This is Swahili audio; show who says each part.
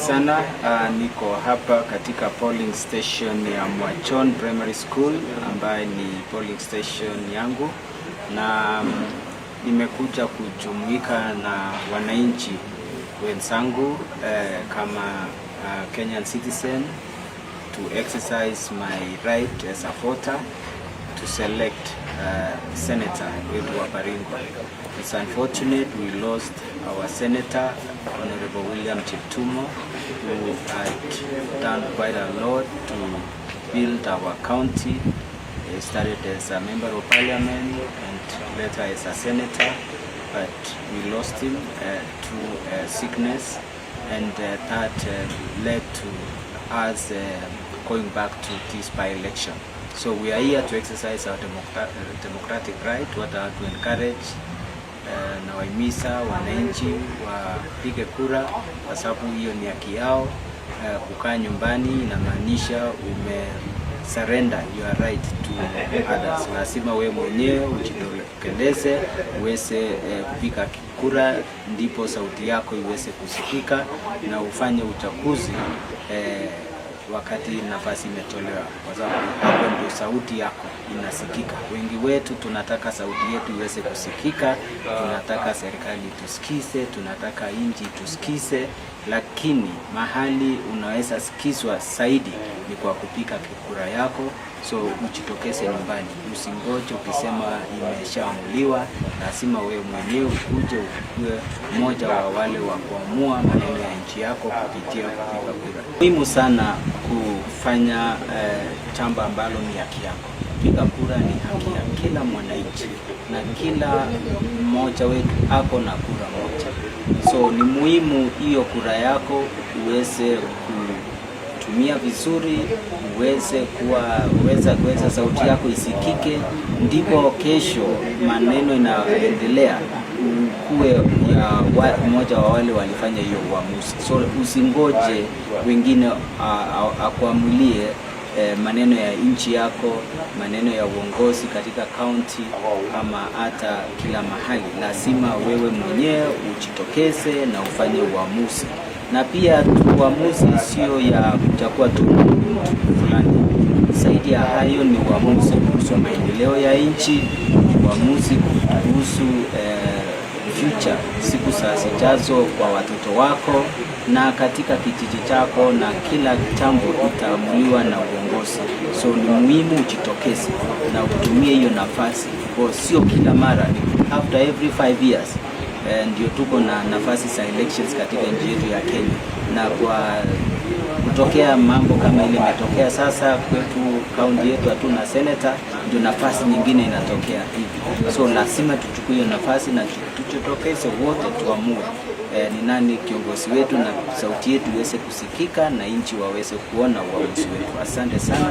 Speaker 1: sana. Uh, niko hapa katika polling station ya Mwachon Primary School ambaye ni polling station yangu na um, nimekuja kujumuika na wananchi wenzangu uh, kama uh, Kenyan citizen to exercise my right as a voter to select uh, senator wetu wa Baringo. It's unfortunate we lost our senator Honorable William Cheptumo who had done quite a lot to build our county. He started as a member of parliament and later as a senator but we lost him uh, to uh, sickness and uh, that uh, led to us uh, going back to this by-election. So we are here to exercise our uh, democratic right, are to encourage uh, na waimisa wananchi wapige kura kwa sababu hiyo ni haki yao. Uh, kukaa nyumbani inamaanisha ume surrender your right to others.
Speaker 2: Lazima we mwenyewe ujitokeleze uweze eh, kupiga kura, ndipo sauti yako iweze kusikika na ufanye uchaguzi eh, wakati nafasi imetolewa, kwa sababu hapo ndio sauti yako inasikika. Wengi wetu tunataka sauti yetu iweze kusikika, tunataka serikali tusikize, tunataka nchi tusikize, lakini mahali unaweza sikizwa zaidi ni kwa kupiga kura yako. So ujitokeze nyumbani, usingoje ukisema imeshaamuliwa. Lazima wewe mwenyewe uje ukue mmoja wa wale wa kuamua maneno ya nchi yako kupitia kupiga kura. Muhimu sana kufanya chamba eh, jambo ambalo ni haki yako. Piga kura ni haki ya kila mwananchi na kila mmoja wetu ako na kura moja, so ni muhimu hiyo kura yako uweze kutumia vizuri, uweze kuwa uweza kuweza sauti yako isikike, ndipo kesho maneno inaendelea ukuwe ya mmoja wa wale walifanya hiyo uamuzi. So usingoje wengine akuamulie eh, maneno ya nchi yako, maneno ya uongozi katika kaunti ama hata kila mahali. Lazima wewe mwenyewe ujitokeze na ufanye uamuzi, na pia uamuzi sio ya kutakuwa tu fulani. Zaidi ya hayo ni uamuzi kuhusu maendeleo ya nchi, uamuzi kuhusu eh, future siku za zijazo kwa watoto wako na katika kijiji chako, na kila jambo itaamuliwa na uongozi. So ni muhimu ujitokeze na utumie hiyo nafasi, kwa sio kila mara, after every five years eh, ndio tuko na nafasi za elections katika nchi yetu ya Kenya na kwa kutokea mambo kama ile imetokea sasa kwetu kaunti yetu, hatuna seneta, ndio nafasi nyingine inatokea hivi. So lazima tuchukue hiyo nafasi na tujitokeze wote, tuamue e, ni nani kiongozi wetu, na sauti yetu iweze kusikika na nchi waweze kuona uamuzi wetu. Asante sana.